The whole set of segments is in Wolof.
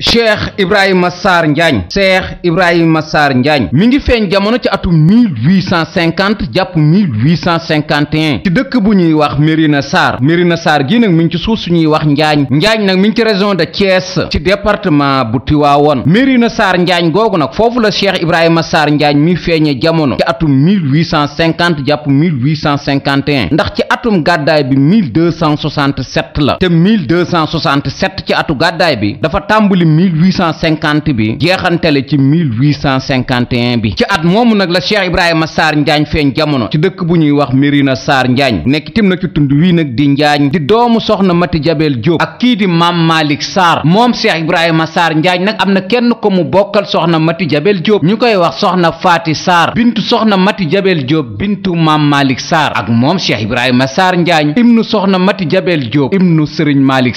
cheikh ibrahima saar njaañ cheikh ibrahima saar njaañ mi ngi feeñ jamono ci atum 1850 jàpp 1851 ci dëkk bu ñuy wax Mérina Sarr Mérina Sarr gii nag mi ngi ci suuf ñuy wax njaañ njaañ nag mi ngi ci région de Thiès ci département bu Tivaouane Mérina Sarr njaañ googu nag foofu la cheikh ibrahima saar njaañ mi feeñe jamono ci atum 1850 jàpp 1851 ndax ci atum gàddaay bi 1267 la te 1267 ci atu gàddaay bi dafa tàmbali julli 1850 bi jeexantale ci 1851 bi ci at moomu nag la Cheikh Ibrahima saar Njaañ feeñ jamono ci dëkk bu ñuy wax Mérina saar Njaañ nekk tim nag ci tund wii nag di Njaañ di doomu soxna Mati Jabel Diop ak kii di Maam Malick Sarr moom Cheikh Ibrahima Sarr Njaañ nag am na kenn ko mu bokkal soxna Mati Jabel Diop ñu koy wax soxna Faati Sarr bintu soxna Mati Jabel Diop bintu Maam Malick Sarr ak moom Cheikh Ibrahima Sarr Njaañ ibnu soxna Mati Jabel Diop ibnu Serigne Malick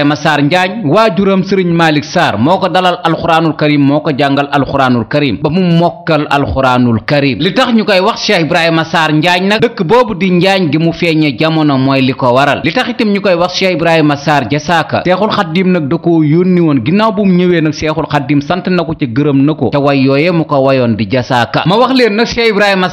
Ibrahima Sarr Njaañ waajuram sëriñ Malick Sarr moo ko dalal alxuraanul karim moo ko jàngal alxuraanul karim ba mu mokkal alxuraanul karim li tax ñu koy wax Cheikh Ibrahima Sarr Njaañ nag dëkk boobu di Njaañ gi mu feeñe jamono mooy li ko waral li tax itam ñu koy wax Cheikh Ibrahima Sarr Jasaaka seexul xaddim nag da koo yónni woon ginnaaw bu mu ñëwee nag seexul xaddim sant na ko ci gërëm na ko ca way mu ko wayoon di Jasaaka ma wax leen nag Cheikh Ibrahima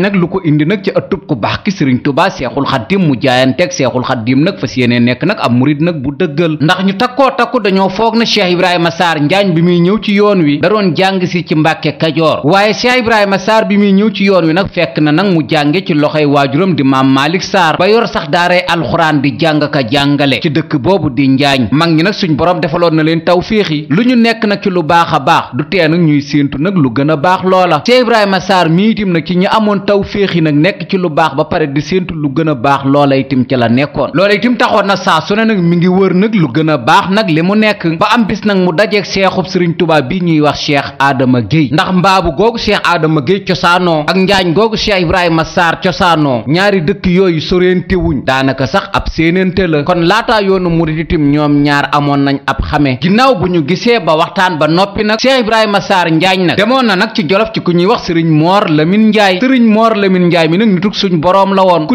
nag lu ko indi nag ci ëttub ku baax ki sëriñ Tuubaa seexul xaddim mu jaayanteeg seexul xaddim nag fas yéene nekk nag ab murid nag bu dëgg dëggal ndax ñu takkoo takku dañoo foog na cheikh ibrahima saar njaañ bi muy ñëw ci yoon wi da doon jàng si ci mbàkke kajoor waaye cheikh ibrahima saar bi muy ñëw ci yoon wi nag fekk na nag mu jànge ci loxoy waajuram di maam maalik saar ba yor sax daaray alxuraan di jàng ka jàngale ci dëkk boobu di njaañ mag ñi nag suñ borom defaloon na leen tawfiix yi lu ñu nekk nag ci lu baax a baax du tee nag ñuy séentu nag lu gën a baax loola cheikh ibrahima saar mii itim nag ci ñi amoon tawfiix yi nag nekk ci lu baax ba pare di séentu lu gën a baax loola ci la nekkoon nag lu gën a baax nag li mu nekk ba am bis nag mu dajeeg seexub sëriñ Tuubaa bi ñuy wax cheikh Adama Guèye ndax mbaabu googu cheikh Adama Guèye cosaanoo ak njaañ googu cheikh Ibrahima saar cosaanoo ñaari dëkk yooyu soreente wuñ daanaka sax ab séenante la kon laata yoonu murid itam ñoom ñaar amoon nañ ab xame ginnaaw bu ñu gisee ba waxtaan ba noppi nag cheikh Ibrahima saar njaañ nag demoon na nag ci jolof ci ku ñuy wax sëriñ Moor Lamin Njaay sëriñ Moor Lamin Njaay mi nag nitug suñ boroom la woon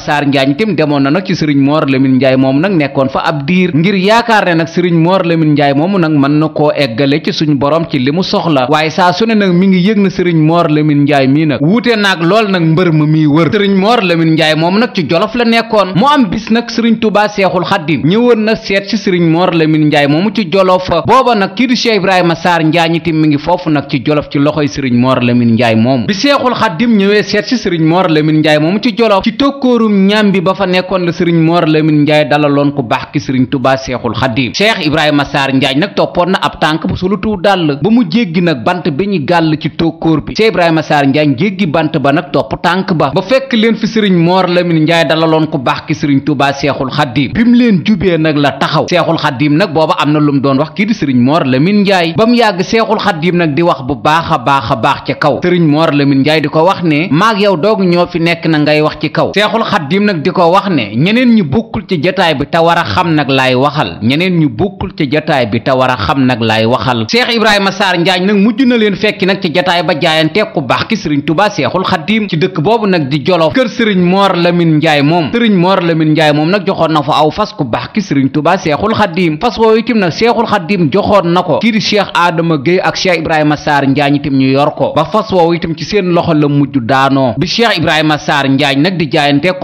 Massar Njaañ tim demoon na nag ci sëriñ Mor Lamine Njaay moomu nag nekkoon fa ab diir ngir yaakaar ne nag sëriñ Mor Lamine Njaay moomu nag mën na koo eggale ci suñ borom ci li mu soxla waaye saa su ne nag mi ngi yëg na sëriñ Mor Lamine Njaay mii nag wuute naag lool nag mbër ma miy wër sëriñ Mor Lamine Njaay moom nag ci jolof la nekkoon mu am bis nag sëriñ Tuubaa Seexul Xaddim ñëwoon na seet ci sëriñ Mor Lamine Njaay moomu ci jolof booba nag kii di Cheikh Ibrahima Sarr Njaañ mi ngi foofu nag ci jolof ci loxoy sëriñ Mor Lamine Njaay moomu bi Seexul Xaddim ñëwee seet ci sëriñ Mor Lamine Njaay moomu ci jolof ci tokkooru réewum ñaam bi ba fa nekkoon la sëriñ Mor Lamine Ndiaye dalaloon ku baax ki sëriñ Touba Seexul Xadiim Cheikh Ibrahima Sarr Ndiaye nag toppoon na ab tànk bu sulutu dàll ba mu jéggi nag bant bi ñu gàll ci tokkóor bi Cheikh Ibrahima Sarr Ndiaye jéggi bant ba nag topp tànk ba ba fekk leen fi sëriñ Mor Lamine Ndiaye dalaloon ku baax ki sëriñ Touba Seexul Xadiim bi mu leen jubee nag la taxaw Seexul Xadiim nag booba am na lu mu doon wax kii di sëriñ Mor Lamine Ndiaye ba mu yàgg Seexul Xadiim nag di wax bu baax a baax a baax ci kaw sëriñ Mor Lamine Ndiaye di ko wax ne maag yow doog ñoo fi nekk na ngay wax ci kaw xaddim nag di ko wax ne ñeneen ñu bokkul ci jataay bi te war a xam nag laay waxal ñeneen ñu bokkul ci jataay bi te war a xam nag laay waxal Cheikh Ibrahima saar Njaañ nag mujj na leen fekki nag ci jataay ba jaayante ku baax ki Serigne Touba Seexul Xaddim ci dëkk boobu nag di Jolof kër Serigne Mor Lamine Njaay moom Serigne Mor Lamine Njaay moom nag joxoon na fa aw fas ku baax ki Serigne Touba Seexul Xaddim fas woowu itam nag Seexul Xaddim joxoon na ko kii di Cheikh Adama Gueye ak Cheikh Ibrahima Sarr Njaañ itam ñu yor ko ba fas itam ci seen loxo la mujj daanoo bi Cheikh Ibrahima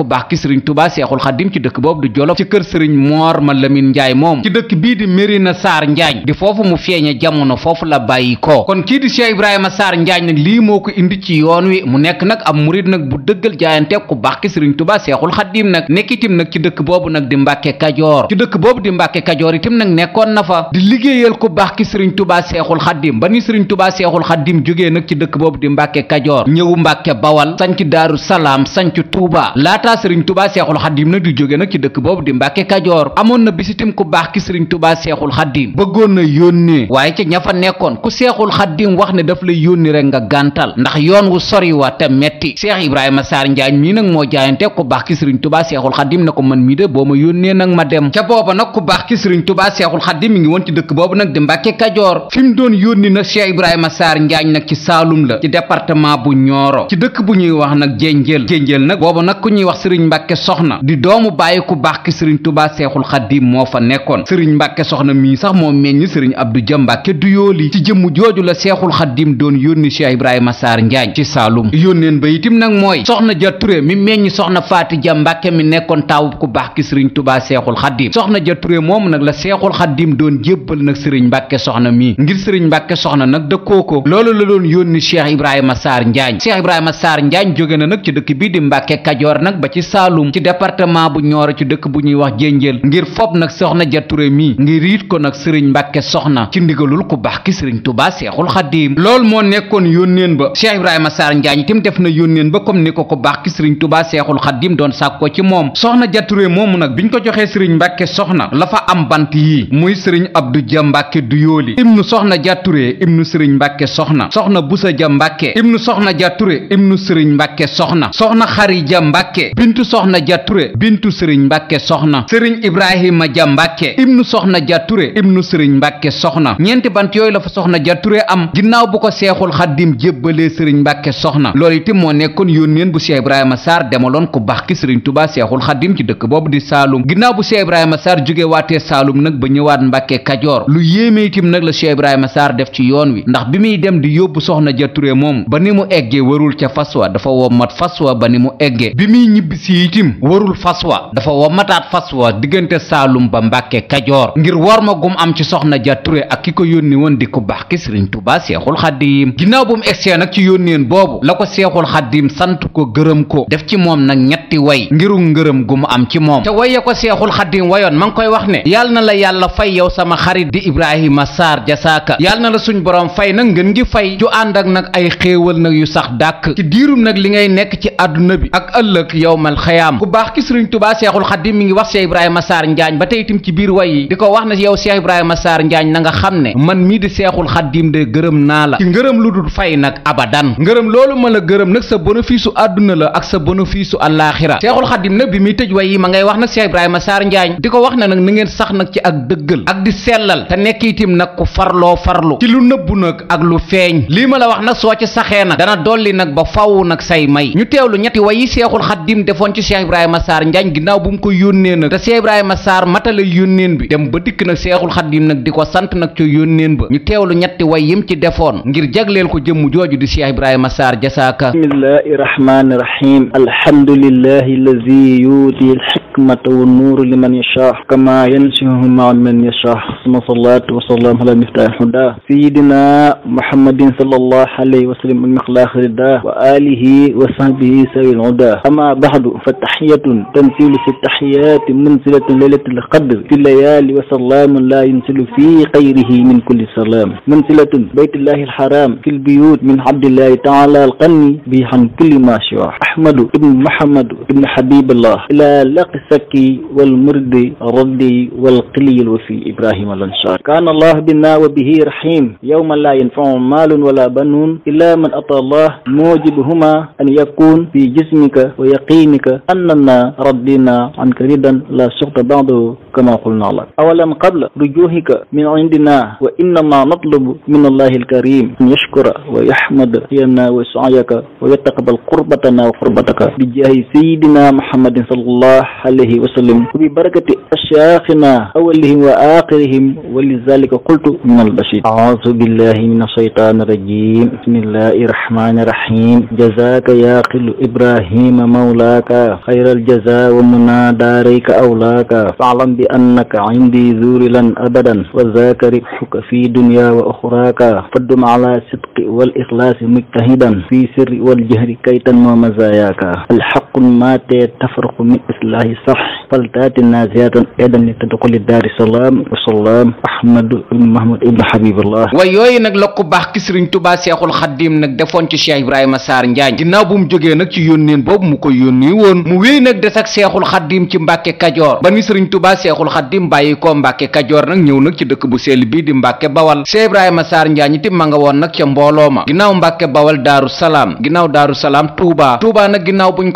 baax ki sëriñ tubaa seexul xaddim ci dëkk boobu du jolof ci kër sëriñ moor ma lamin njaay moom ci dëkk bii di Mérina Sarr Njaañ di foofu mu feeñe jamono foofu la bàyyi ko kon kii di Cheikh Ibrahima Sarr Njaañ nag lii moo ko indi ci yoon wi mu nekk nag am murid nag bu dëggal jaayante ku baax ki sëriñ tubaa seexul xaddim nag nekkitim nag ci dëkk boobu nag di mbàkke kajoor ci dëkk boobu di mbàkke kajoor itim nag nekkoon na fa di liggéeyal ku baax ki sëriñ tubaa seexul xaddim ba ni sëriñ tubaa seexul xaddim jógee nag ci dëkk boobu di mbàkke kajoor ñëw mbàkke bawal laataa sëriñ tubaa seexul xaddiim nag di jóge nag ci dëkk boobu di mbàkke kajoor amoon na bisitim ku baax ki sëriñ tubaa seexul xaddiim bëggoon na yónnee waaye ci ña fa nekkoon ku seexul xaddiim wax ne daf lay yónni rek nga gàntal ndax yoon wu sori wa te metti seex ibrahima saar njaañ mii nag moo jaayante ku baax ki sëriñ tubaa seexul xaddiim na ko man mii de boo ma yónnee nag ma dem ca booba nag ku baax ki sëriñ tubaa seexul xaddiim mi ngi woon ci dëkk boobu nag di mbàkke kajoor fi mu doon yónni nag seex ibrahima saar njaañ nag ci saalum la ci département bu ñooro ci dëkk bu ñuy wax nag jénjël jénjël nag booba nag ku ñuy wax wax sëriñ mbàkke soxna di doomu bàyyi ku baax ki sëriñ tubaa seexul xaddiim moo fa nekkoon sëriñ mbàkke soxna mii sax moo meññ sëriñ abdu ja mbàkke du yooli ci jëmm jooju la seexul xaddiim doon yónni cheikh ibrahima saar njaañ ci saalum yónneen ba itim nag mooy soxna ja turé mi meññ soxna faati ja mbàkke mi nekkoon taawub ku baax ki sëriñ tubaa seexul xaddiim soxna ja turé moomu nag la seexul xaddiim doon jébbal nag sëriñ mbàkke soxna mii ngir sëriñ mbàkke soxna nag dëkkoo ko loolu la doon yónni cheikh ibrahima saar njaañ ibrahima saar njaañ jóge na nag ci dëkk bii di mbàkke kajoor ba ci saalum ci département bu ñooro ci dëkk bu ñuy wax jénjéel ngir fob nag soxna ja Touré mii ngir riit ko nag sëriñ mbàkke soxna ci ndigalul ku baax ki sëriñ tubaa seexul xaddiim lool moo nekkoon yónneen ba cheikh ibrahima saar njaañ itam def na yónneen ba comme ni ko ku baax ki sëriñ tubaa seexul xaddiim doon sàkkoo ci moom soxna ja Touré moomu nag ñu ko joxee sëriñ mbàkke soxna la fa am bant yii muy sëriñ abdu ja mbàkke du yooli ibnu soxna ja Touré ibnu sëriñ mbàkke soxna soxna busa ja mbàkke ibnu ja Touré ibnu sëriñ mbàkke soxna soxna xari bintu soxna ja ture bintu sëriñ mbàkke soxna sëriñ ibrahima ja mbàkke ibnu soxna ja ture ibnu sëriñ mbàkke soxna ñeenti bant yooyu la fa soxna ja am ginnaaw bu ko seexul xaddim jébbalee sëriñ mbàkke soxna loolu itam moo nekkoon yónneen bu cheikh ibrahima sarr demaloon ku bax ki sëriñ tubaa seexul xaddim ci dëkk boobu di saalum ginnaaw bu cheikh ibrahima sarr jóge waatee saalum nag ba ñëwaat mbàkke kajoor lu yéeme itam nag la see ibrahima saar def ci yoon wi ndax bi muy dem di yóbbu soxna ja ture moom ba ni mu eggee warul ca fas dafa wommat fas wa ba ni mu eggee ñibbisi itim warul fas wa dafa wamataat fas wa diggante saalum ba mbàkke kajoor ngir war ma gum am ci soxna ja ak ki ko yónni woon di ku baax ki sëriñ Tuubaa seexul xaddiim ginnaaw bu mu egsee nag ci yónneen boobu la ko seexul xaddiim sant ko gërëm ko def ci moom nag ñetti way ngiru ngërëm gu mu am ci moom te waye ko seexul xaddiim wayoon ma ngi koy wax ne yàlla na la yàlla fay yow sama xarit di Ibrahima saar jasaaka yàlla na la suñ borom fay nag ngeen ngi fay ju ànd ak nag ay xéewal nag yu sax dàkk ci nag li ngay nekk ci àdduna bi ak ëllëg yow yawmal xayaam ku baax ki sëriñ tubaa seexul xaddim mi ngi wax Cheikh Ibrahima Sarr Njaañ ba tey ci biir way di ko wax na yow Cheikh Ibrahima Sarr na nga xam ne man mii di seexul xaddim la ci ngërëm lu dul fay nag abadan ngërëm loolu ma la gërëm sa bénéfice su àdduna la ak sa bénéfice su àllaaxira seexul bi muy tëj way yi ma ngay wax nag Cheikh Ibrahima Sarr Njaañ di ko wax na nag na ngeen sax nag ci ak dëggal ak di sellal te nekk itam nag ku farloo farlu ci lu nëbbu nag ak lu feeñ lii ma la wax nag soo ci saxee nag dana dolli nag ba faw nag say may ñu teewlu ñetti wayi seexul xaddim defoon ci Cheikh Ibrahima Sarr Njaañ ginnaaw bu mu ko yónnee nag te Cheikh Ibrahima Sarr matala yónneen bi dem ba dikk nag Seexul Xaddim nag di ko sant nag ca yónneen ba ñu teewlu ñetti way ci defoon ngir jagleel ko jëmm jooju di Cheikh Ibrahima Sarr jasaaka bismillahi rahmani rahim alhamdulillahi lazi yuuti alxikmata wa nuuru liman yasha kama yansihu ma man yasha ma salaatu wa salaam ma miftaahi huda sayidina muhammadin sallallahu alayhi wa sallam ma wa ma wa sahbihi sawil huda ahadu fa taxiyatun tanzilu fi taxiyaati manzilatun leylatul qadr fi layaali wa salaamun laa yunzilu fi xayrihi min kulli salaam manzilatun baytullahi alxaram fi lbuyut min abdillahi taala alqanni bi xan kulli ma siwa ahmadu ibnu mahamadu ibnu habiballah ila laqi sakki walmurdi raddi walqiliyil wa fi ibrahima alansar kaana allah bina wa bihi rahim yawma laa yanfau maalun wala banuun illa man ata allah mujibuhuma an yakun fi jismika wa yaqin يقينك أننا ردينا عنك ردا لا سقط بعده كما قلنا لك أولا قبل رجوعك من عندنا وإنما نطلب من الله الكريم أن يشكر ويحمد لنا وسعيك ويتقبل قربتنا وقربتك بجاه سيدنا محمد صلى الله عليه وسلم وببركة أشياخنا أولهم وآخرهم ولذلك قلت من البشير أعوذ بالله من الشيطان الرجيم بسم الله الرحمن الرحيم جزاك يا قل إبراهيم مولى أولاك خير الجزاء ومنى داريك أولاك فاعلم بأنك عندي ذورلا أبدا وذاك ربحك في دنيا وأخراك فدم على صدق والإخلاص مجتهدا في سر والجهر كي تنمو مزاياك الحق ما تفرق من إصلاح صح والمصطلتات النازيات ايضا لتدخل دار way yooyu nag la ku baax ki sëriñ tubaa seexul xaddim nag defoon ci cheikh ibrahima saar njaañ ginnaaw bu mu jógee nag ci yónneen boobu mu ko yónni woon mu wéy nag des ak seexul xaddim ci mbàkke kajoor ba ni sëriñ tubaa seexul xaddim bàyyi koo mbàkke kajoor nag ñëw nag ci dëkk bu sell bii di mbàkke bawal cheikh ibrahima saar njaañ itam ma nga woon nag ca mbooloo ma ginnaaw mbàkke bawal daaru salaam ginnaaw daaru salaam tuubaa tuubaa nag ginnaaw buñ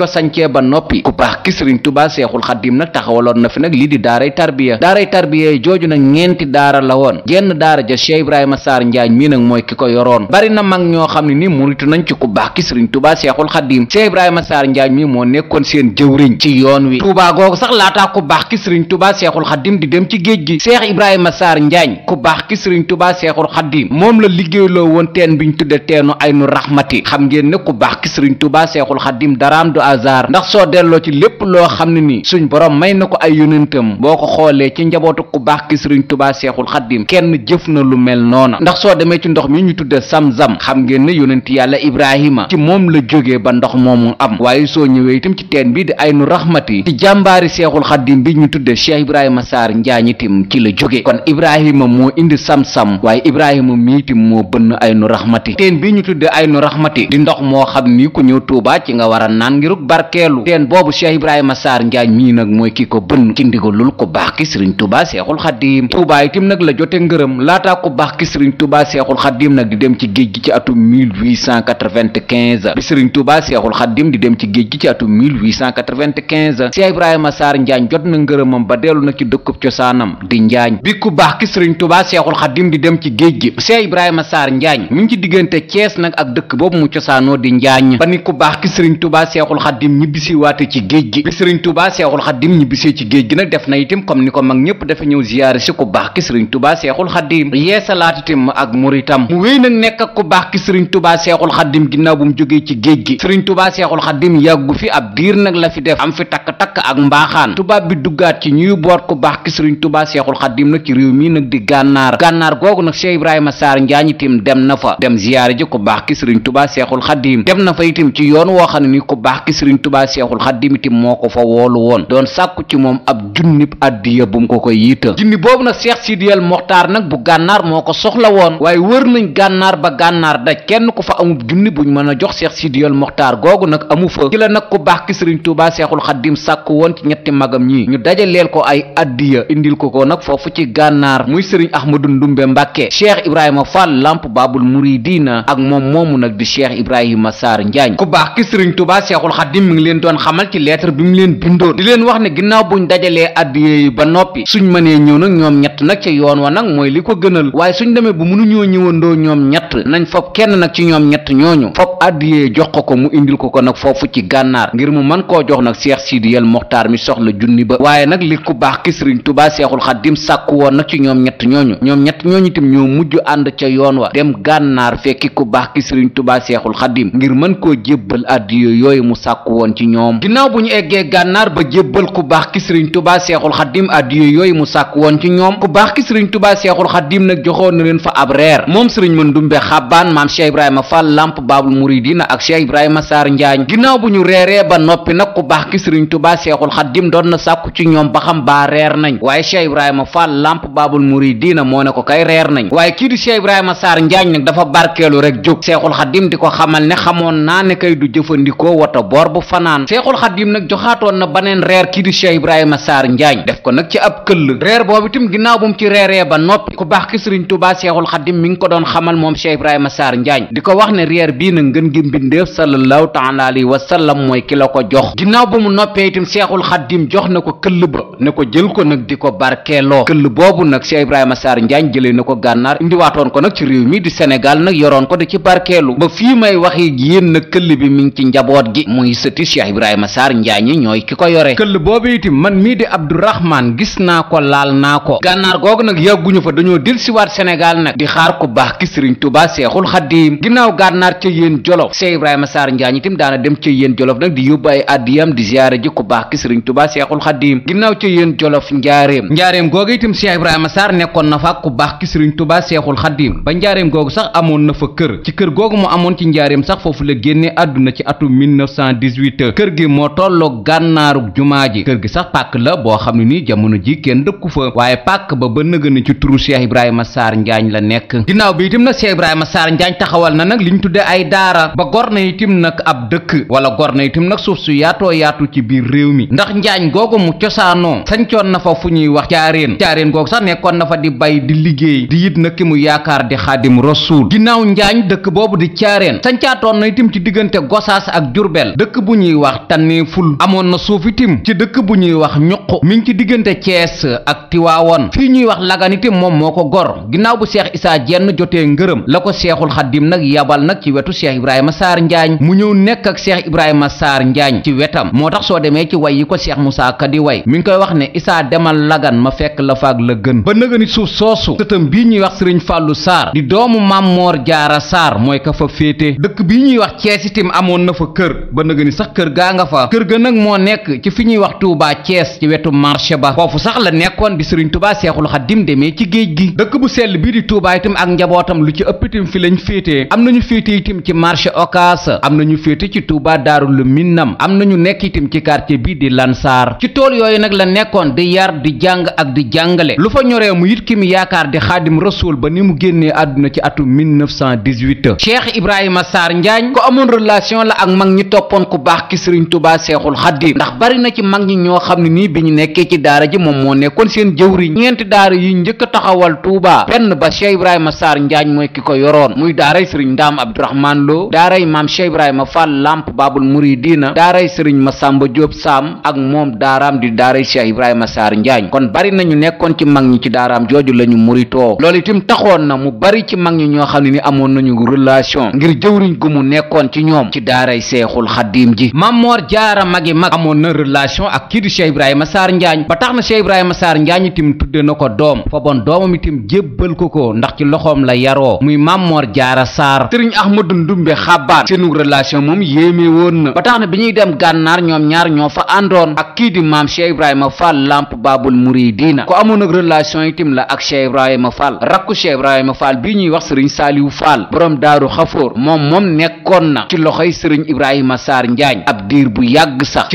ba noppi ku baax ki sëriñ tubaa seexul nag taxawaloon na fi nag lii di daaray tarbiya daaray tarbiya jooju nag ñeenti daara la woon jenn daara ja Cheikh Ibrahima Sarr Njaañ mii nag mooy ki ko yoroon bari na mag ñoo xam ne ni muritu nañ ci ku baax ki Sëriñ Tuubaa Seexul Xadiim Cheikh Ibrahima Sarr Njaañ mii moo nekkoon seen ci yoon wi Tuubaa googu sax laataa ku baax ki Sëriñ Tuubaa Seexul Xadiim di dem ci géej gi Cheikh Ibrahima Sarr Njaañ ku baax ki Sëriñ Tuubaa Seexul Xadiim moom la liggéeyloo woon teen biñ tudde teenu aynu raxmati xam ngeen ne ku baax ki Sëriñ Tuubaa Seexul Xadiim daraam du hasard ndax soo delloo ci yàlla may na ko ay yonentam boo ko xoolee ci njabootu ku baax ki sëriñ tubaa seexul xaddim kenn jëf na lu mel noona ndax soo demee ci ndox mi ñu tuddee sam-sam xam ngeen ne yonent yàlla ibrahima ci moom la jógee ba ndox moomu am waaye soo ñëwee itam ci teen bi di aynu raxmati ci jàmbaari seexul xaddim bi ñu tudde cheikh ibrahima saar njaañitim ci la jóge kon ibrahima moo indi sam-sam waaye ibrahima miitim moo bënn aynu raxmati teen bi ñu tudde aynu raxmati di ndox moo xam ni ñëw tuubaa ci nga war a naan ngiruk barkeelu teen boobu cheikh ibrahima saar njaañ mii nag mooy ki ko bën ci ndigalul ku baax ki sëriñ Tuubaa Seexul Xaddiim Tuubaa itam nag la jote ngërëm laataa ku baax ki sëriñ Seexul Xaddiim di dem ci géej gi ci atum 1895 bi sëriñ Tuubaa Seexul Xaddiim gi ci atum 1895 Cheikh Ibrahima Sarr Njaañ jot na ngërëmam ba dellu na ci dëkkub cosaanam di Njaañ bi ku baax ki sëriñ Seexul Xaddiim di dem ci géej gi Cheikh Ibrahima Njaañ mi ci diggante Cees nag ak dëkk boobu mu cosaanoo di Njaañ ba ni ku baax ki sëriñ Tuubaa Seexul Xaddiim ñibbisi waate ci géej gi bi mu ñibbisee ci géej gi nag def na itam comme ni ko mag ñëpp dafa ñëw ziyaare si ku baax ki sëriñ tubaa seexul xaddim yeesalaat itam ak muritam mu wéy nag nekk ak ku baax ki sëriñ tubaa seexul xaddim ginnaaw bu mu ci géej gi sëriñ tubaa seexul xaddim yàggu fi ab diir nag la fi def am fi takk-takk ak mbaaxaan tubaab bi duggaat ci ñuy boot ku baax ki sëriñ tubaa seexul xaddim nag ci réew mi nag di gànnaar gànnaar googu nag Cheikh Ibrahima Sarr Njaañ itam dem na fa dem ziyaare ji ko baax ki sëriñ tubaa seexul xaddim dem na fa itam ci yoon woo xam ne ni ku baax ki sëriñ tubaa seexul xaddim itam moo ko fa woolu woon sàkku ci moom ab junnib addiya bu mu ko koy yiita junni boobu nag seex sidiyal moxtaar nag bu gànnaar moo ko soxla woon waaye wër nañ gànnaar ba gànnaar daj kenn ku fa amub junni buñ mën a jox seex sidiyal moxtaar googu nag amu fa ci nag ku baax ki sëriñ tuubaa seexul xaddim sàkk woon ci ñetti magam ñi ñu dajaleel ko ay addiya indil ko ko nag foofu ci gànnaar muy sëriñ ahmadu ndumbe mbàkke cheikh ibrahima fall lamp baabul muridina ak moom moomu nag di cheikh ibrahima saar njaañ ku baax ki sëriñ tuubaa seexul xaddim mi ngi leen doon xamal ci lettre bi mu leen bindoon ginnaaw ñu dajalee addiye yi ba noppi suñ mënee ñëw nag ñoom ñett nag ca yoon wa nag mooy li ko gënal waaye suñ demee bu mënuñoo ñëwandoo ñoom ñett nañ fob kenn nag ci ñoom ñett ñooñu fob addiye jox ko ko mu indil ko ko nag foofu ci gànnaar ngir mu mën koo jox nag seex siidiyal moxtaar mi soxla junni ba waaye nag li ku baax ki tubaa seexul xaddim sàkku woon nag ci ñoom ñett ñooñu ñoom ñett ñooñu tim ñoo mujj ànd ca yoon wa dem gànnaar fekki ku baax ki sëriñ tubaa seexul xaddim ngir mën koo jébbal addiye yooyu mu sàkku woon ci ñoom ginnaaw bu ñu ku baax ki sëriñ tubaa seexul xaddim addiye yooyu mu sàkk woon ci ñoom ku baax ki sëriñ tubaa seexul xaddim nag joxoon na bu ba noppi nag ku baax ki sëriñ tubaa seexul ci ñoom ba xam baa reer nañ waaye cheikh ibrahima fall lamp baabul muridina moo ne ko kay reer nañ waaye kii di cheikh ibrahima saar njaañ nag dafa barkeelu rek jóg seexul xaddim di ko xamal ne xamoon naa ne kay du jëfandikoo wata boor bu fanaan seexul xaddim nag joxaatoon na baneen reer ki kii di Cheikh Ibrahima Sarr Njaañ def ko nag ci ab këll reer boobu itam ginnaaw bu mu ci reeree ba noppi ku baax ki sëriñ Tuubaa Seexul Xadim mi ngi ko doon xamal moom Cheikh Ibrahima Sarr Njaañ di ko wax ne reer bii na ngën gi mbindeef mooy ki la ko jox ginnaaw bu mu noppee itam Seexul Xadim jox na ko këll ba na ko jël ko nag di ko barkeeloo këll boobu nag Cheikh Ibrahima Sarr Njaañ jëlee na ko gànnaar indiwaatoon ko nag ci réew mii di Sénégal nag yoroon ko di ci barkeelu ba fii may wax yéen nag këll bi mi ngi ci njaboot gi muy sëti Cheikh Ibrahima Sarr Njaañ ñooy ki ko boobu itam man mii di Abdourahmane gis naa ko laal naa ko gànnaar googu nag yàgguñu fa dañoo dil siwaat Sénégal nag di xaar ku baax ki tubaa Tuubaa Seexul Xadiim ginnaaw gànnaar ca yéen jolof Cheikh Ibrahima Sarr Njaañ itam daana dem ca yéen jolof nag di yóbbu ay addiyam di ziyaare ji ku baax ki Sëriñ Tuubaa Seexul Xadiim ginnaaw ca yéen jolof njaareem njaareem googu itam Cheikh Ibrahima saar nekkoon na fa ku baax ki Sëriñ Tuubaa Seexul Xadiim ba njaareem googu sax amoon na fa kër ci kër googu mu amoon ci njaareem sax foofu la génne àdduna ci atum 1918 kër gi moo tolloog gànnaarug jumaa ji gi kër gi sax pàkk la boo xam ne ni jamono ji kenn dëkku fa waaye pàkk ba ba nëgën ci turu Cheikh Ibrahima Sarr Njaañ la nekk ginnaaw bi itam nag Cheikh Ibrahima Sarr Njaañ taxawal na nag li ñu tuddee ay daara ba gor na itam nag ab dëkk wala gor na itam nag suuf su yaatoo yaatu ci biir réew mi ndax Njaañ googu mu cosaanoo sañcoon na fa fu ñuy wax caareen jaareen googu sax nekkoon na fa di bay di liggéey di it nag ki mu yaakaar di xaadim rasul ginnaaw Njaañ dëkk boobu di caareen sañcaatoon na itam ci diggante Gosaas ak dëkk bu ñuy wax ñuq mi ngi ci diggante Thiès ak Tiwaawoon fii ñuy wax laganite moom moo ko gor ginnaaw bu Cheikh Issa jenn jotee ngërëm la ko Cheikhul Xaddim nag yabal nag ci wetu Cheikh Ibrahima saar Njaañ mu ñëw nekk ak Cheikh Ibrahima saar Njaañ ci wetam moo tax soo demee ci way yi ko Cheikh Moussa Ka di way mi ngi koy wax ne Issa demal lagan ma fekk la faag la gën ba nëgëni suuf soosu sëtam bii ñuy wax Sëriñ Fàllu saar di doomu Maam Moor Jaara saar mooy ka fa féete dëkk bii ñuy wax Thiès itam amoon na fa kër ba nëgëni sax kër gaa nga fa kër ga nag moo nekk ci fi ñuy wax Touba Thiès ci wetu marché ba foofu sax la nekkoon bi Serigne Touba Seexul Xadim demee ci géej gi dëkk bu sell bii di Touba itam ak njabootam lu ci ëpp itam fi lañ féetee am nañu féete itam ci marché Ocass am nañu féete ci Touba Daarul Minnam am nañu nekk itam ci quartier bii di Lansar ci tool yooyu nag la nekkoon di yar di jàng ak di jàngale lu fa ñoree mu yit ki yaakaar di xaadim rasul ba ni mu génnee àdduna ci atum 1918 Cheikh Ibrahima Sarr Njaañ ko amoon relation la ak mag ñi toppoon ku baax ki Serigne Touba ñooñu ñoo xam ne nii bi ñu nekkee ci daara ji moom moo nekkoon seen jëwriñ ñeenti daara yi njëkk a taxawal Touba benn ba Cheikh Ibrahima Sarr Njaañ mooy ki ko yoroon muy daaray sëriñ Ndaam Abdourahmane Lo daaray maam Cheikh Ibrahima Fall Lamp Babul Mouridina daaray sëriñ Masamba joob saam ak moom daaraam di daaray Cheikh Ibrahima saar Njaañ kon bari nañu nekkoon ci mag ñi ci daaraam jooju la ñu muritoo loolu itam taxoon na mu bari ci mag ñi ñoo xam ne amoon nañu relation ngir jëwriñ gu mu nekkoon ci ñoom ci daaray Seexul kii di Cheikh Ibrahima saar Njaañ ba tax na Cheikh Ibrahima Sarr Njaañ itam tudde na ko doom fa bon doomam itam jébbal ko ko ndax ci loxoom la yaroo muy maam Mammoor Jaara saar Sarr Sëriñ Ahmadu Ndumbe Xabaan seenu relation moom yéeme woon na ba tax na bi ñuy dem gannaar ñoom ñaar ñoo fa àndoon ak kii di maam Cheikh Ibrahima Fall Lamp Baabul Muridiina ko amoon ak relation tiim la ak Cheikh Ibrahima Fall rakku Cheikh Ibrahima Fall bii ñuy wax Sëriñ Saaliwu Fall borom Daaru Xafoor moom moom nekkoon na ci loxoy Sëriñ Ibrahima Sarr Njaañ ab diir bu yàgg sax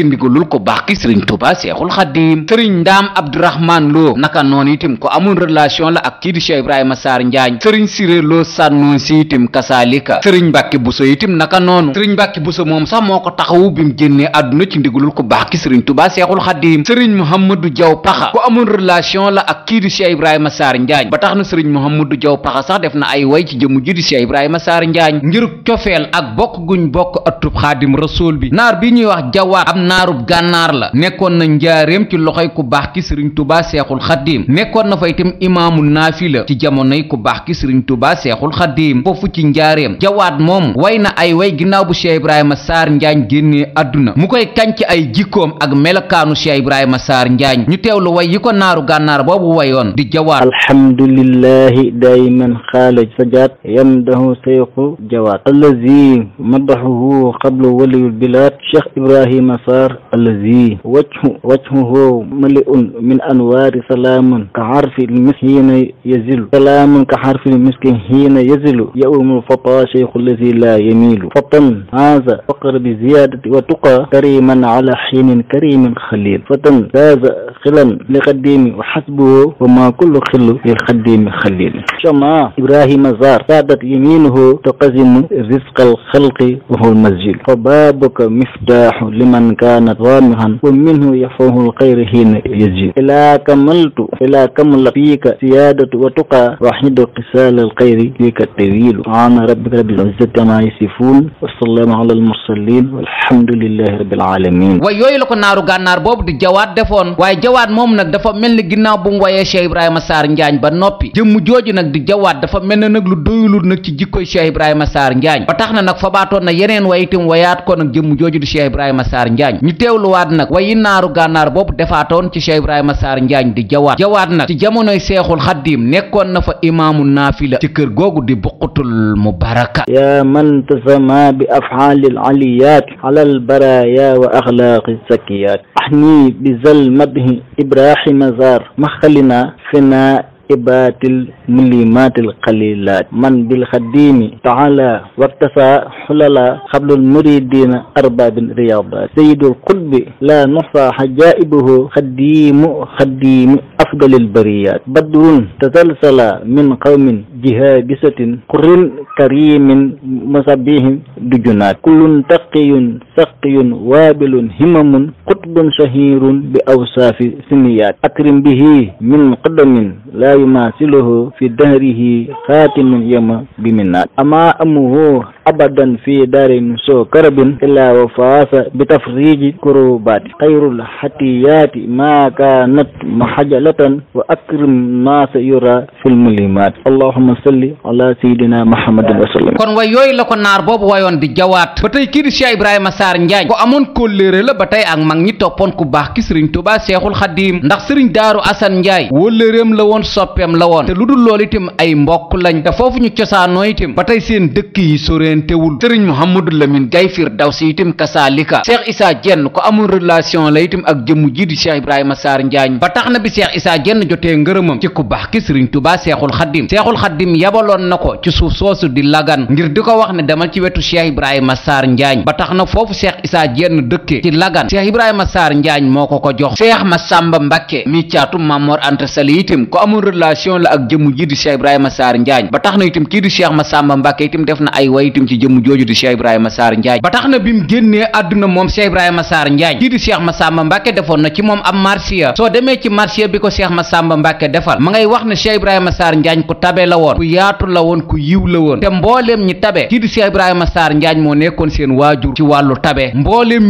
ko baax sëriñ tuba seexul xaddiim sëriñ ndaam abdourahman loo naka noonu itim ko amul relation la ak kii di cheikh ibrahima saar njaañ sëriñ siré loo sànnoon si itim kasaalika sëriñ mbàkke buso itim naka noonu sëriñ mbàkke buso moom sax moo ko taxawu bi mu génnee àdduna ci ndigalul ko baax ki sëriñ tuba seexul xaddiim sëriñ mouhamadou jaw paxa ko amul relation la ak kii di cheikh ibrahima saar njaañ ba tax na sëriñ mouhamadou jaw paxa sax def na ay way ci jëmu ji di cheikh ibrahima saar njaañ ngir cofeel ak bokk guñ bokk atub xaadim rasool bi naar bi ñuy wax jawaat am naarub gànnaar la nekkoon na njaareem ci loxoy ku baax ki sëriñ tubaa seexul xaddiim nekkoon na fa itam imaamu naafila ci jamonoy ku baax ki sëriñ tubaa seexul xaddiim foofu ci njaareem jawaat moom way na ay way ginnaaw bu cheikh ibrahima saar njaañ génnee àdduna mu koy kañ ci ay jikkoom ak melokaanu cheikh ibrahima saar njaañ ñu teewlu way yi ko naaru gànnaar boobu wayoon di jawaat alhamdulillahi dayman xaalij sajaat yamdahu seyxu jawaat allazi madaxuhu qablu waliyul bilaad cheikh ibrahima saar allazi وجه وجهه ملئ من أنوار سلام كحرف المسك حين يزل سلام كحرف المسك حين يزل يوم الفطى شيخ الذي لا يميل فطن هذا فقر بزيادة وتقى كريما على حين كريم خليل فطن هذا خلا لقديم وحسبه وما كل خل للقديم خليل شما إبراهيم زار سادت يمينه تقزم رزق الخلق وهو المسجد فبابك مفتاح لمن كان ظامها منه يفوه الخير حين يجي إلا كملت إلا كمل فيك سيادة وتقى وحيد قسال الخير فيك الطويل عن ربك رب العزة ما يصفون والسلام على المرسلين والحمد لله رب العالمين way yooyu la ko naaru gànnaar boobu di jawaat defoon waaye jawaat moom nag dafa mel ni ginnaaw bu mu wayee Cheikh Ibrahima saar Njaañ ba noppi jëmm jooju nag di jawaat dafa mel na nag lu doyulul nag ci jikkoy Cheikh Ibrahima Sarr Njaañ ba tax na nag fabaatoon na yeneen way itam wayaat ko nag jëmm di Cheikh Ibrahima Sarr Njaañ ñu teewluwaat nag yi naaru gànnaar boobu defaatoon ci Cheikh Ibrahima Sarr Njaañ di jawaat jawaat nag ci jamonoy seexul xaddiim nekkoon na fa imaamu naafila ci kër googu di buqutul mubaraka ya man tasama bi afaalil aliyat alal baraya wa axlaaqi sakiyat ahni bi zal madhi ibrahima zar maxalina fina ibaatil mulimatil xalilaat man bil xadimi taala waktafa xulala xablul muridina arbabin riyadat sayidul xutbi laa nuxfa xajaibuhu xadimu xadimu afdalil bariyat badrun tasalsala min qawmin jihadisatin qurin karimin musabihin dujunaat kullun taqiyun saqiyun waabilun himamun qutbun shahirun bi awsaafi siniyaat akrim bihi min qadamin laa yumaasiluhu fi dahrihi xaatimun yema bi minnaat ama amuhu abadan fi darin soo karabin ilaa wa faasa bi tafriji kurubaati xayrul xatiyaati maa kaanat muhajalatan wa akrim maa sa yura fil mulimaat allahumma salli ala sayidina muhammadin wa sallam kon way yooyu la ko naar boobu wayoon di jawaat ba tey kii di Cheikh Ibrahima Sarr Ndiagne ko amoon kóllëre la ba tey ak mag ñi toppoon ku baax ki sëriñ Tuubaa Seexul Xadiim ndax sëriñ Daaru Asan Njaay wëllëreem la woon soppeem la woon te lu dul loolu itam ay mbokk lañ te foofu ñu cosaanoo itam ba tey seen dëkk yi soreentewul sëriñ Mouhamadou Lamine Gaye Firdawsi itam kasaalika Cheikh Issa Diène ko amul relation la itam ak jëmm ji di Cheikh Ibrahima Sarr Njaañ ba tax na bi Cheikh Issa Diène jotee ngërëmam ci ku baax ki sëriñ Tuubaa Seexul Xadiim Seexul Xadiim yabaloon na ko ci suuf soosu di lagan ngir di ko wax ne damal ci wetu Cheikh Ibrahima Sarr Njaañ ba tax na Ibrahima Sarr Njaañ moo ko ko jox Cheikh Massamba Mbacke mi caatu Mamor Anta Sali itam ko amoon relation la ak jëmm ji di Cheikh Ibrahima Sarr Njaañ ba tax na itam kii di Cheikh Massamba Mbacke itam def na ay way itam ci jëmm jooju di Cheikh Ibrahima Sarr Njaañ ba tax na bi mu génnee àdduna moom Cheikh Ibrahima Sarr Njaañ kii di Cheikh Massamba Mbacke defoon na ci moom am marsiya soo demee ci marsiya bi ko Cheikh Massamba Mbacke defal ma ngay wax ne Cheikh Ibrahima Sarr Njaañ ku tabe la woon ku yaatu la woon ku yiw la woon te mbooleem ñi tabe kii di Cheikh Ibrahima Sarr Njaañ moo nekkoon seen waajur ci wàllu tabe mbooleem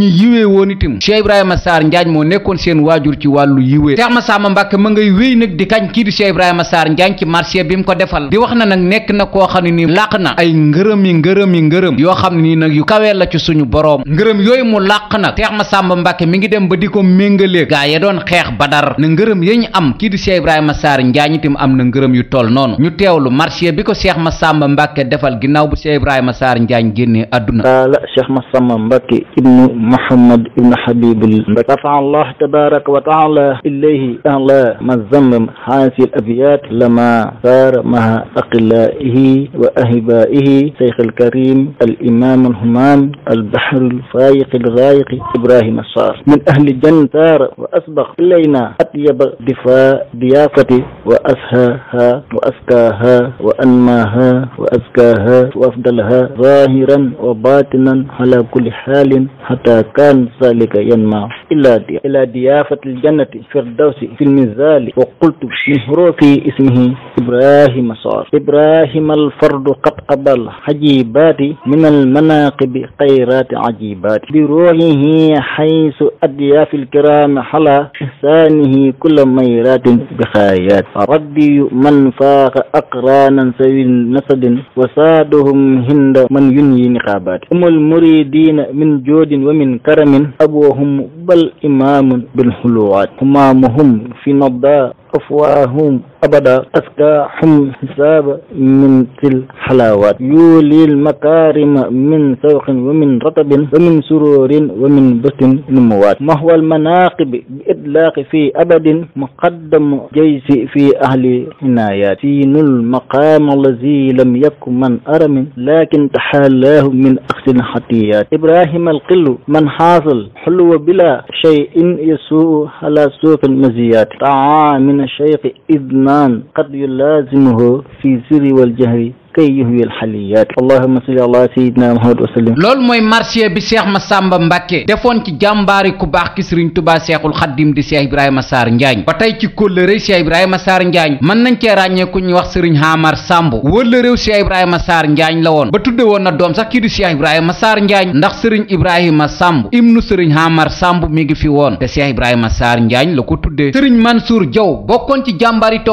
Ibrahima Sarr Njaañ moo nekkoon seen waajur ci wàllu yiwee Cheikh Massamba ma ngay wéy nag di kañ kii di Cheikh Ibrahima Sarr Njaañ ci marché defal di wax na nag nekk na koo xam ne ni làq na ay ngërëm ngërëm yi ngërëm yoo xam nii nag yu kawee la ci suñu boroom ngërëm yooyu mu làq nag Cheikh Massamba Mbacke mi ngi dem ba di ko méngalee gaa ya doon xeex Badar na ngërëm yañ am kii di Cheikh Ibrahima Sarr Njaañ itam am na ngërëm yu toll noonu ñu teewlu marché bi ko Cheikh Massamba Mbacke defal ginnaaw bu Cheikh Ibrahima Sarr Njaañ génnee àdduna بن رفع الله تبارك وتعالى إليه أعلى ما زمم هذه الأبيات لما سار مع أقلائه وأهبائه شيخ الكريم الإمام الهمام البحر الفايق الغايق إبراهيم الصار من أهل الجنة سار وأسبق إلينا أطيب دفاع ضيافته وأسهاها وأزكاها وأنماها وأزكاها وأفضلها ظاهرا وباطنا على كل حال حتى كان ذلك ين ما إلا دي إلى ديافة الجنة فردوس في المزال وقلت من حروف اسمه إبراهيم صار إبراهيم الفرد قد قبل حجيبات من المناقب خيرات عجيبات بروحه حيث أدياف الكرام حلا إحسانه كل ميرات بخايات ردي من فاق أقرانا سوي النسد وسادهم هند من ينهي نقابات هم المريدين من جود ومن كرم أبوهم الأمم بل إمام بالحلوعات همامهم في نضاء أفواههم أبدا أسكاهم حساب من في الحلاوات يولي المكارم من سوق ومن رطب ومن سرور ومن بس الموات محو المناقب بإطلاق في أبد مقدم جيش في أهل عنايات سين المقام الذي لم يكن من أرم لكن تحالاه من أحسن حتيات إبراهيم القل من حاصل حلو بلا شيء يسوء على سوق المزيات طعام من الشيخ إذنان قد يلازمه في سر والجهر kay yuhyil xaliyaat allahumma salli ala sayyidina muhammad wa sallim loolu mooy marché bi seex Masàmba Mbàkke defoon ci jàmbaari ku baax ki sëriñ tubaa seexul xaddim di seex ibrahima saar njaañ ba tey ci kóllëre seex ibrahima saar njaañ man nañ cee ràññee ku ñuy wax sëriñ Hamar Samb wóllëréew seex ibrahima saar njaañ la woon ba tudde woon na doom sax kii di seex ibrahima saar njaañ ndax sëriñ ibrahima Samb ibnu sëriñ Hamar Samb mi ngi fi woon te seex ibrahima saar njaañ la ko tuddee sëriñ Mansour Jaw bokkoon ci jàmbaari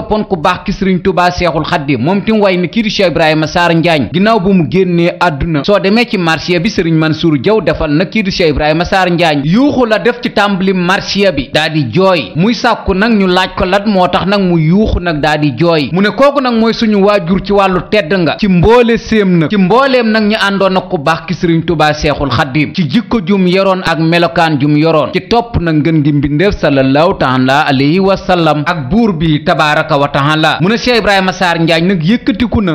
Ibrahima Sarr Njaañ ginnaaw bu mu génnee àdduna soo demee ci marsiya bi sëriñ Mansour Diaw defal na kii di Cheikh Ibrahima Sarr Njaañ yuuxu la def bi daa di jooy muy sàkku nag ñu laaj ko lat moo tax nag mu yuuxu nag daa di jooy mu ne kooku nag mooy suñu waajur ci wàllu tedd nga ci mboole séem nag ci mbooleem nag ñu àndoon ak ku baax ki sëriñ Tubaa Seexul Xadiim ci jikko jum yoroon ak melokaan jum yoroon ci topp nag ngën gi mbindeef sallallahu taala alayhi wa ak buur bi tabaaraka wa taala mu ne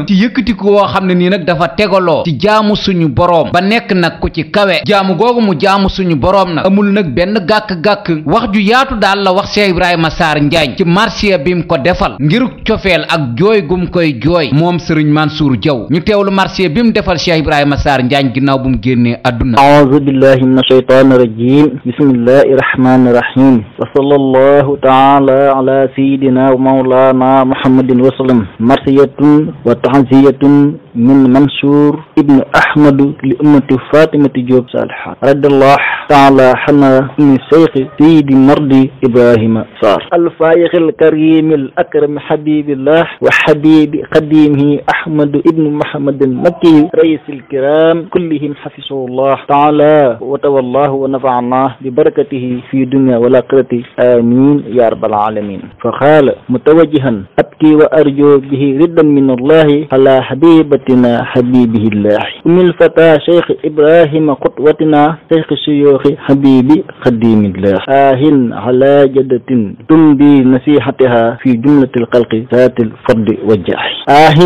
Cheikh yëkkatiku woo xam ne nii nag dafa tegaloo ci jaamu suñu boroom ba nekk nag ci kawe jaamu googu mu jaamu suñu boroom amul nag benn gàkk-gàkk wax ju yaatu daal la wax Cheikh Ibrahima Sarr Njaañ ci marsiya bi mu ko defal ngir cofeel ak jooy gum koy jooy moom sëriñ man Mansour Diaw ñu teewlu marsiya bi mu defal Cheikh Ibrahima saar Njaañ ginnaaw bu mu génnee àdduna aouzu billahi min ashaytaan rajim bismillahi rahmani rahim wa sallallahu taala ala sayidina wa maulana muhammadin wa sallam marsiyatun wa tansiyatun أنتم min mansour ibnu ahmadu li ummati fatimati Diop salihat radiallah taala xana mi seyqi siydi mardi ibrahima sarr alfayixi alkarimi al akrami habibillah wa habibi qadimihi ahmadu ibnu mohammadin makki raisi alkiram kullihim hafisahullah taala wa tawallahu wa nafaana bi barakatihi fi dunia wal axirati amin ya rabbal alamin fa qaala mutawajjihan abki wa arju bihi riddan min allahi ala habibati قدوتنا حبيبه الله من الفتى شيخ إبراهيم قدوتنا شيخ الشيوخ حبيب خديم الله آه على جدة تمضي نصيحتها في جملة الخلق ذات الفضل والجاه آه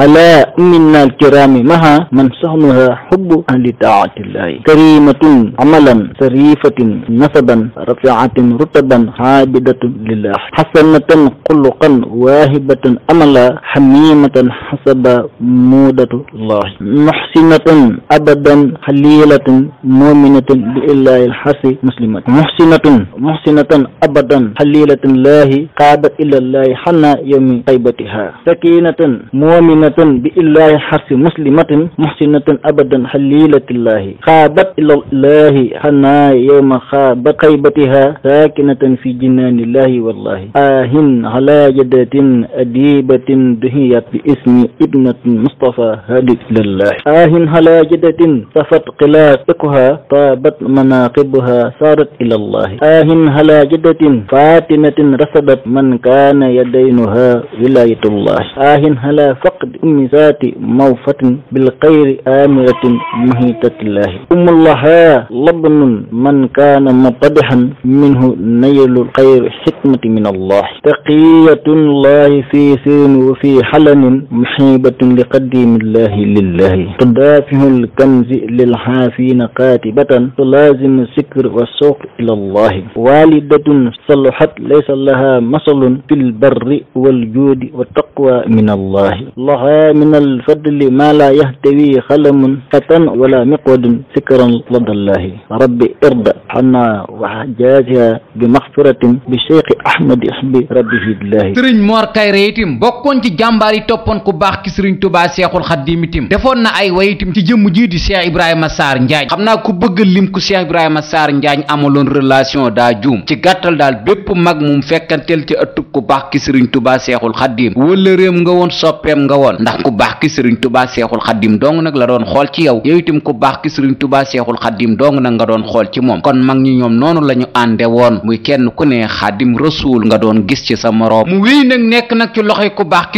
على أمنا الكرام معها من صهمها حب أهل طاعة الله كريمة عملا شريفة نسبا رفعة رتبا عابدة لله حسنة خلقا واهبة أملا حميمة حسب مو mahmudatu muhsinatun abadan xalilatun muminatun bi illahi alxasi muslimat muhsinatun muhsinatun abadan xalilatun laahi qaadat ilallahi xanna yowmi taybatiha sakinatun muminatun bi illahi xasi muslimatun muhsinatun abadan xalilatillahi qaadat ilallahi xanna yowma xaabat taybatiha sakinatan fi jinaanillahi wallahi ahin ala jadatin adibatin duhiyat bi ismi ibnatin mustafa المصطفى هدي لله آه على جدة صفت قلاقها طابت مناقبها صارت إلى الله آه على جدة فاطمة رصدت من كان يدينها ولاية الله آه على فقد أم ذات موفة بالخير آمرة مهيتة الله أم الله لبن من كان مطبحا منه نيل الخير حكمة من الله تقية الله في سين وفي حلن محيبة لقد xadimillahi lillahi tudaafihu lkanzi lilxaafiina qaatibatan tulaazimu sikr wa sooq ila allahi walidatun saluhat laysa laha masalun fi lbarri waljuudi waltaqwa min allahi laha min alfadli maa laa yahtawi xalamun fatan wala miqwadun sikran lada allahi rabbi irda xanaa wa xajaajiha bi maxfiratin bi cheikhi ahmadi bi rabbihi illahi sëriñ Mor Kayre itam bokkoon ci jàmbaar yi toppoon ku baax ki sëriñ Tuubaa seexul xaddiim itim defoon na ay way itim ci jëmm jii di cheikh ibrahima saar njaañ xam naa ku bëgg lim ku cheikh ibrahima saar njaañ amaloon relation daa juum ci gàttal daal bépp mag mum fekkanteel ci ëttub ku baax ki sëriñ tubaa seexul xaddiim wala réem nga woon soppeem nga woon ndax ku baax ki sëriñ tubaa seexul xaddiim dong nag la doon xool ci yow yow itim ku baax ki sëriñ tubaa seexul xaddiim dong nag nga doon xool ci moom kon mag ñi ñoom noonu la ñu ànde woon muy kenn ku ne xaddim rasuul nga doon gis ci sa moroom mu wéy nag nekk nag ci loxoy ku baax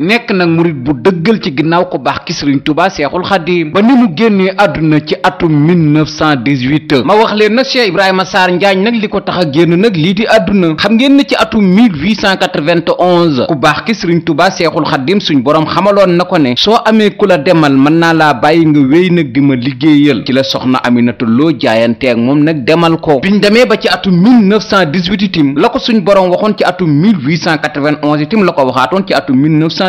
nekk nag murit bu dëggal ci ginnaaw ko baax ki sëriñ Tuubaa Seexul Xadiim ba ni mu génnee àdduna ci atum 1918 ma wax leen nag Cheikh Ibrahima Sarr Njaañ nag li ko tax a génn nag lii di àdduna xam ngeen ne ci atum 1891 ku baax ki sëriñ Tuubaa Seexul Xadiim suñ boroom xamaloon na ko ne soo amee ku la demal mën naa laa bàyyi nga wéy nag di ma liggéeyal ci la soxna Aminata loo jaayante ak moom nag demal ko biñ demee ba ci atum 1918 itim la ko suñ boroom waxoon ci atum 1891 itim la ko waxaatoon ci atum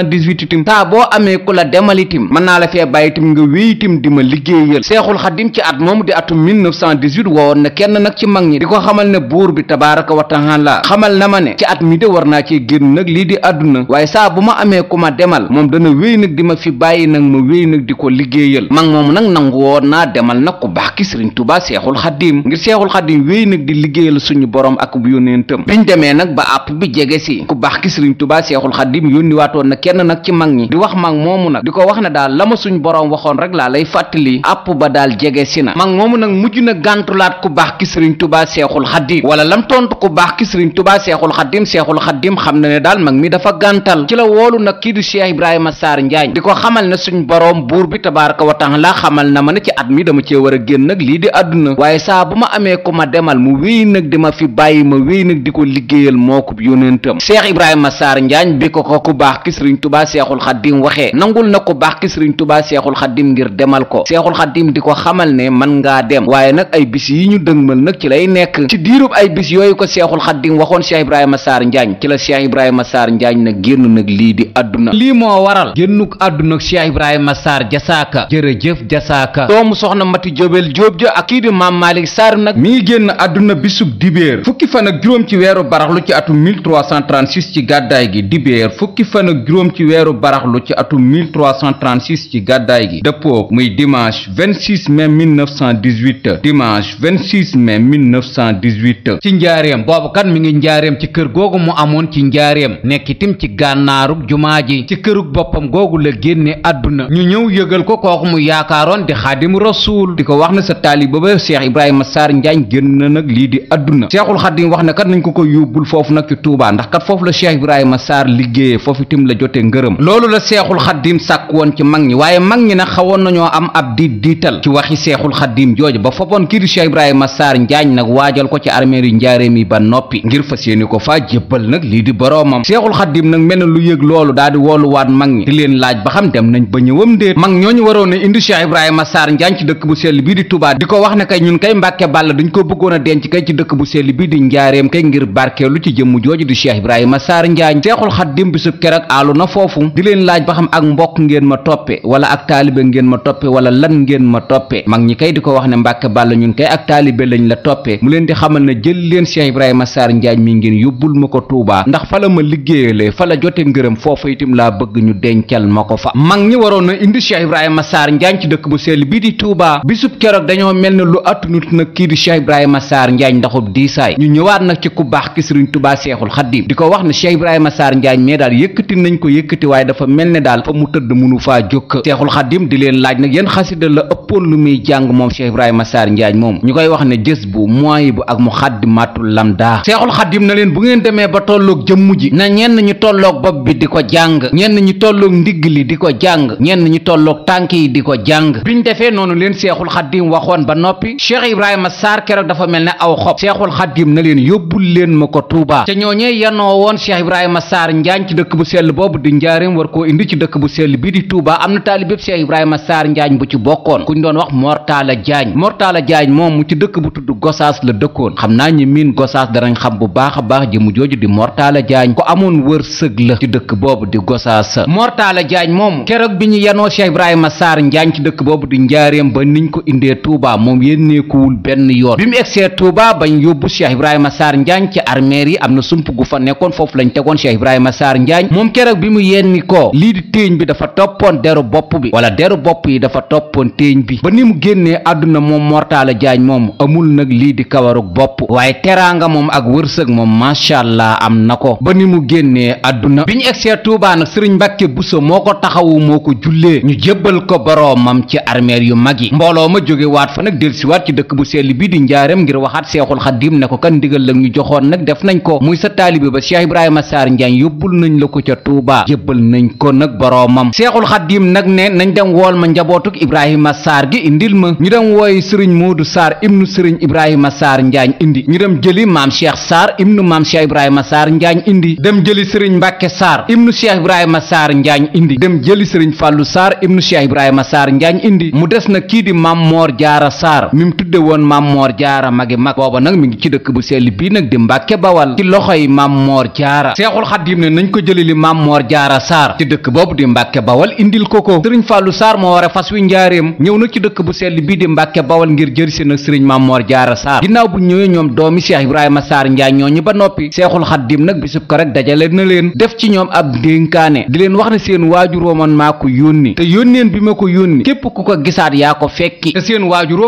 78 tim saa boo amee ku la demali tim mën naa la fee bàyyi tim nga wéy tim di ma liggéeyal seexul xadim ci at moomu di atum 1918 woowoon na kenn nag ci mag ñi di ko xamal ne buur bi tabaaraka wa taala xamal na ma ne ci at mi de war naa cee génn nag lii di àdduna waaye saa bu ma amee ku ma demal moom dana wéy nag di ma fi bàyyi nag ma wéy nag di ko liggéeyal mag moom nag nangu woon naa demal nag ku baax ki sëriñ tubaa seexul xadim ngir seexul xadim wéy nag di liggéeyal suñu borom ak bu yónneentam biñ demee nag ba àpp bi jege si ku baax ki sëriñ tubaa seexul kenn nag ci mag ñi di wax mag moomu nag di ko wax ne daal la ma suñ boroom waxoon rek laa lay fàttali àpp ba daal jege si na mag moomu nag mujj na gàntulaat ku baax ki sëriñ tubaa seexul xaddim wala lam tontu ku baax ki sëriñ tubaa seexul xaddim seexul xaddim xam ne daal mag mi dafa gàntal ci la woolu nag kii di cheikh ibrahima saar njaañ di ko xamal ne suñ boroom buur bi tabaraka wa taala xamal na ma ne ci at mi dama cee war a génn nag lii di àdduna waaye saa bu ma amee ku ma demal mu wéy nag di ma fi bàyyi ma wéy nag di ko liggéeyal moo ko yónentam cheikh ibrahima saar njaañ bi ko tubaa seexul xaddim waxee nangul na ko baax ki sëriñ tubaa seexul xaddim ngir demal ko seexul xaddim di ko xamal ne man ngaa dem waaye nag ay bis yi ñu dëngmal nag ci lay nekk ci diirub ay bis yooyu ko seexul xaddim waxoon cheikh ibrahima saar njaañ ci la cheikh ibrahima saar njaañ nag génn nag lii di àdduna lii moo waral génnuk àdduna cheikh ibrahima saar jasaaka jërëjëf jasaaka doomu soxna mati jóbel jóob ja ak kii di maam maalik saar nag mi ngi génn àdduna bisub dibéer fukki fan ak juróom ci weeru baraxlu ci atum 1336 ci gàddaay gi juróom ci weeru baraxlu ci atum 1336 ci gàddaay gi dëppoo muy dimanche 26 mai 1918 dimanche 26 mai 1918 ci njaareem boobu kat mi ngi njaareem ci kër googu mu amoon ci njaareem nekk itam ci gànnaarug jumaa ji ci kërug boppam googu la génne àdduna ñu ñëw yëgal ko kooku mu yaakaaroon di xaadim rasuul di ko wax na sa taaliba ba Cheikh Ibrahima Sarr Njaañ génn na nag lii di àdduna Cheikhul Xadim wax ne kat nañ ko ko yóbbul foofu nag ci Tuubaa ndax kat foofu la Cheikh Ibrahima Sarr liggéeyee foofu itam la jotee ngërëm loolu la seexul xaddiim sàkk woon ci mag ñi waaye mag ñi nag xawoon nañoo am ab di diital ci waxi seexul xaddiim jooju ba fopoon kii di Cheikh Ibrahima Sarr Njaañ nag waajal ko ci armée yu njaareem yi ba noppi ngir fas yéene ko faa jébbal nag lii di boroomam seexul xaddiim nag mel na lu yëg loolu daal di wooluwaat mag ñi leen laaj ba xam dem nañ ba ñëwam déet mag ñooñu waroon a indi Cheikh Ibrahima Sarr Njaañ ci dëkk bu sell bii di Touba di ko wax ne kay ñun kay Mbàkke Bàll dañ ko bëggoon a denc kay ci dëkk bu sell bii di njaareem kay ngir barkeelu ci jëmm jooju di Cheikh seexul xaddiim bisub keroog aalu na foofu di leen laaj ba xam ak mbokk ngeen ma toppe wala ak taalibe ngeen ma toppe wala lan ngeen ma toppe mag ñi kay di ko wax ne Mbàkke Bàlla ñun kay ak taalibe lañ la toppe mu leen di xamal na jël leen Cheikh Ibrahima Sarr Ndiagne mi ngeen yóbbul ma ko Tuubaa ndax fa la ma liggéeyale fa la jote ngërëm foofu itam laa bëgg ñu dencal ma ko fa mag ñi waroon na indi Cheikh Ibrahima Sarr Ndiagne ci dëkk bu seel bii di Tuubaa bisub keroog dañoo mel ne lu attunut nag kii di Cheikh Ibrahima Sarr Ndiagne ndaxub diisaay ñu ñëwaat nag ci ku baax ki Sëriñ Tuubaa Seexul yëkkati waaye dafa mel ne daal fa mu tëdd munu faa jóg seexul xadim di leen laaj nag yan xasida la ëppoon lu muy jàng moom Cheikh Ibrahima Sarr Ndiagne moom ñu koy wax ne jës bu mooy bu ak mu xaddimatul lamda seexul xadim na leen bu ngeen demee ba tolloog jëmm ji na di ko jàng ñenn ñu tolloog ndigg li di ko jàng ñenn ñu tolloog tànk yi di ko jàng biñ defee noonu leen seexul xadim waxoon ba noppi Cheikh Ibrahima Sarr keroog dafa mel ne aw xob seexul xadim na leen yóbbul leen ma ko Touba te ñooñee yanoo woon Cheikh Ibrahima Sarr Ndiagne ci dëkk bu sell boobu di njaareem war koo indi ci dëkk bu sell bii di Touba am na taalibeb Cheikh Ibrahima saar Njaañ bu ci bokkoon ku kuñ doon wax Mortala Jaañ Mortala Jaañ moom mu ci dëkk bu tudd Gosaas la dëkkoon xam naa ñi miin Gosaas danañ xam bu baax a baax jëmu jooju di Mortala Jaañ ko amoon war sëg la ci dëkk boobu di Gosaas Mortala Jaañ moom keroog bi ñu yenoo Cheikh Ibrahima Sarr Njaañ ci dëkk boobu di njaareem ba niñ ko indee Touba moom yénneekuwul benn yoon bi mu egsee Touba bañ yóbbu Cheikh Ibrahima Sarr Njaañ ci armeer yi am na sump gu fa nekkoon foofu lañ tegoon Cheikh Ibrahima Sarr Njaañ moom mu yenni koo lii di téeñ bi dafa toppoon deru bopp bi wala deru bopp yi dafa toppoon téeñ bi ba ni mu génnee àdduna moom mortaala jaañ moom amul nag lii di kawarug bopp waaye teraanga moom ak wërsëg moom macha allah am na ko ba ni mu génnee àdduna bi ñu egsee Tuubaa nag sëriñ Mbàkke Buso moo ko taxawu moo ko jullee ñu jébbal ko boroomam ci armeer yu mag yi mbooloo ma jóge waat fa nag waat ci dëkk bu sell bii di njaareem ngir waxaat seexul xaddiim ne ko kan ndigal la ñu joxoon nag def nañ ko muy Touba nañ ko nag boroomam seexul xaddiim nag ne nañ dem wool ma njabootuk Ibrahima Sarr gi indil ma ñu dem wooy sëriñ Moodu Sarr ibnu sëriñ Ibrahima saar Njaañ indi ñu dem jëli maam Cheikh Sarr ibnu maam Cheikh Ibrahima saar Njaañ indi dem jëli sëriñ Mbàkke Sarr ibnu Cheikh Ibrahima saar Njaañ indi dem jëli sëriñ Fàllu Sarr ibnu Cheikh Ibrahima Sarr Njaañ indi mu des na kii di maam Moor Jaara Sarr mi mu tudde woon maam Moor Jaara magi mag booba nag mi ngi ci dëkk bu sell bii nag di Mbàkke Bawal ci loxoy jaara saar ci dëkk boobu di mbàkke bawal indil ko ko sëriñ fàllu saar moo war a fas wi njaareem ñëw na ci dëkk bu sell bii di mbàkke bawal ngir jëri si nag sëriñ Mamor jaara saar ginnaaw bu ñëwee ñoom doomi Cheikh Ibrahima Saar Njaay ñooñu ba noppi seexul xaddim nag bisub ko rek dajale na leen def ci ñoom ab dénkaane di leen wax ne seen waajuroo man maa ko yónni te yónneen bi ma ko yónni képp ku ko gisaat yaa ko fekki te seen waajur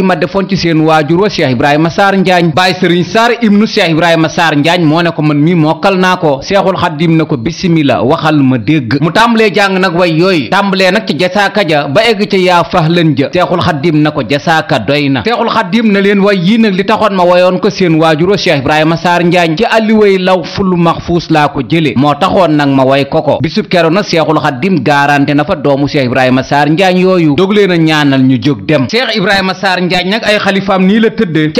ma defoon ci seen waajur wa Cheikh Ibrahima Saar Njaañ Baay Sëriñ Saar ibnu Cheikh Ibrahima Saar Njaañ moo ne ko man mi mokkal naa ko Seexul Xaddim ne ko bisimila waxal ma dégg mu tàmbalee jàng nag way yooyu tàmbalee nag ci jasaaka ja ba egg ca yaa ja Seexul Xaddim na ko jasaaka doy na Seexul Xaddim ne leen way yii nag li taxoon ma wayoon ko seen waajuro Cheikh Ibrahima Saar Njaañ ci alliway law fulu maxfuus laa ko jële moo taxoon nag ma way ko ko bisub kero nag Seexul Xaddim garanté na fa doomu Cheikh Ibrahima a ñaanal ñu jóg dem Cheikh Ibrahima Saar Njaañ nag ay xalifaam nii la tëdde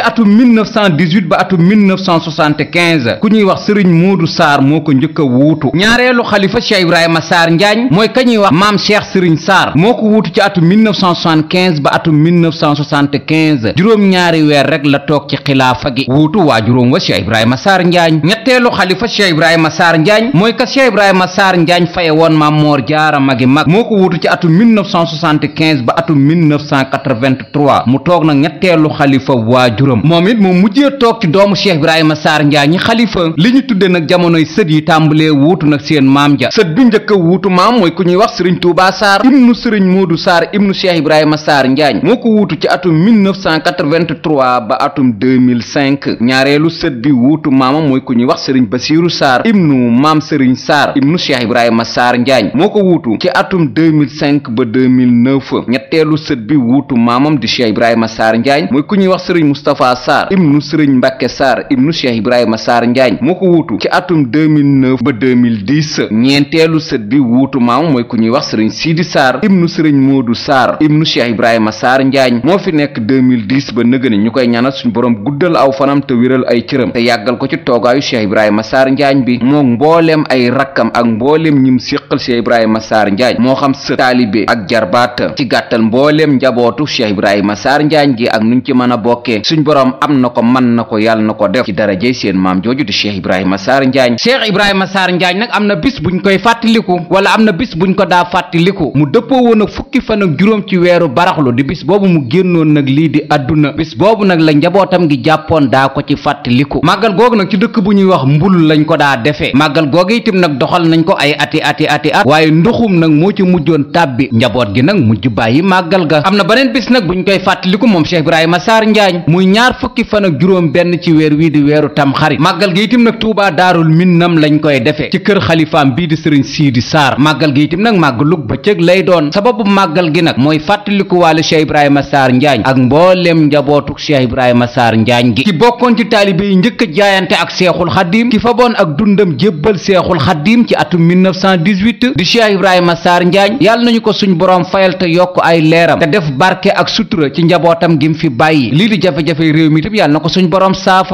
1918 ba atum 1975 ku ñuy wax sëriñ Modou Sarr moo ko njëkk a wuutu ñaareelu xalifa Cheikh Ibrahima Sarr Njaañ mooy ka ñuy wax maam Cheikh Sëriñ Sarr moo ko wuutu ci atum 1975 ba atum 1975 juróom-ñaari weer rek la toog ci xilaafa gi wuutu waa juróom wa Cheikh Ibrahima saar Njaañ ñetteelu xalifa Cheikh Ibrahima Sarr Njaañ mooy ka Cheikh Ibrahima Sarr Njaañ faye woon maam Moor Jaara magi mag moo ko wuutu ci atum 1975 ba atum 1983 mu toog nag ñetteelu xalifa waa juróom it moo mujjee toog ci doomu Cheikh Ibrahima Sarr Ndiaye ñi xalifa li ñu tudde nag jamonoy sët yi tàmbalee wuutu nag seen maam ja sët bi njëkk a wuutu maam mooy ku ñuy wax sëriñ saar Sarr ibnu sëriñ Modou Sarr ibnu Cheikh Ibrahima Sarr Ndiaye moo ko wuutu ci atum 1983 ba atum 2005 ñaareelu sët bi wuutu maamam mooy ku ñuy wax sëriñ Basiiru Sarr ibnu maam sëriñ Sarr ibnu Cheikh Ibrahima Sarr Ndiaye moo ko wuutu ci atum 2005 ba 2009 ñetteelu sët bi wuutu maamam di Cheikh Ibrahima Sarr Ndiaye mooy ku ñuy wax sëriñ Moustapha Sarr Sarr ibnu Serigne Mbacke Sarr ibnu Cheikh Ibrahima saar Njaañ moo ko wuutu ci atum 2009 ba 2010 ñeenteelu sët bi wuutu maam mooy ku ñuy wax Serigne Sidi Sarr ibnu Serigne Modou Sarr ibnu Cheikh Ibrahima saar Njaañ moo fi nekk 2010 ba nëgëni ñu koy ñaanal suñu borom guddal aw fanam te wéral ay cëram te yàggal ko ci toogaayu Cheikh Ibrahima saar Njaañ bi moo mbooleem ay rakkam ak mbooleem ñim séqal Cheikh Ibrahima Sarr Njaañ moo xam sët taalibe ak jarbaata ci gàttal mbooleem njabootu Cheikh Ibrahima Sarr Njaañ gi ak nuñ ci mën a bokkee suñ borom xam na ko man na ko yàlla na ko def ci darajey seen maam jooju di cheikh ibrahima saar njaañ cheikh ibrahima saar njaañ nag am na bis buñ koy fàttaliku wala am na bis buñ ko daa fàttaliku mu dëppoo woon ak fukki fan ak juróom ci weeru baraxlu di bis boobu mu génnoon nag lii di àdduna bis boobu nag la njabootam gi jàppoon daa ko ci fàttaliku màggal googu nag ci dëkk bu ñuy wax mbul lañ ko daa defee màggal googu itam nag doxal nañ ko ay ati ati ati at waaye nduxum nag moo ci mujjoon tàbbi njaboot gi nag mujj bàyyi màggal ga am na beneen bis nag buñ koy fàttaliku moom cheikh ibrahima saar njaañ muy ñaar fukki fukki fan ak juróom benn ci weer wii di weeru tamxarit màggal gi itam nag Touba daarul minnam lañ koy defee ci kër xalifaam bii di sëriñ Sidi saar màggal gi itam nag màggalug bëccëg lay doon sababu màggal gi nag mooy fàttalikuwaale Cheikh Ibrahima saar Njaañ ak mboolem njabootug Cheikh Ibrahima saar Njaañ gi ki bokkoon ci taalibe yi njëkk jaayante ak Seexul Xaddiim ki faboon ak dundam jébbal Seexul Xaddiim ci atum 1918 di Cheikh Ibrahima saar Njaañ yàlla nañu ko suñ boroom fayal te yokk ay leeram def barke ak sutura ci njabootam gim fi bàyyi lii di jafe réew mi yàlla na ko suñ borom saafara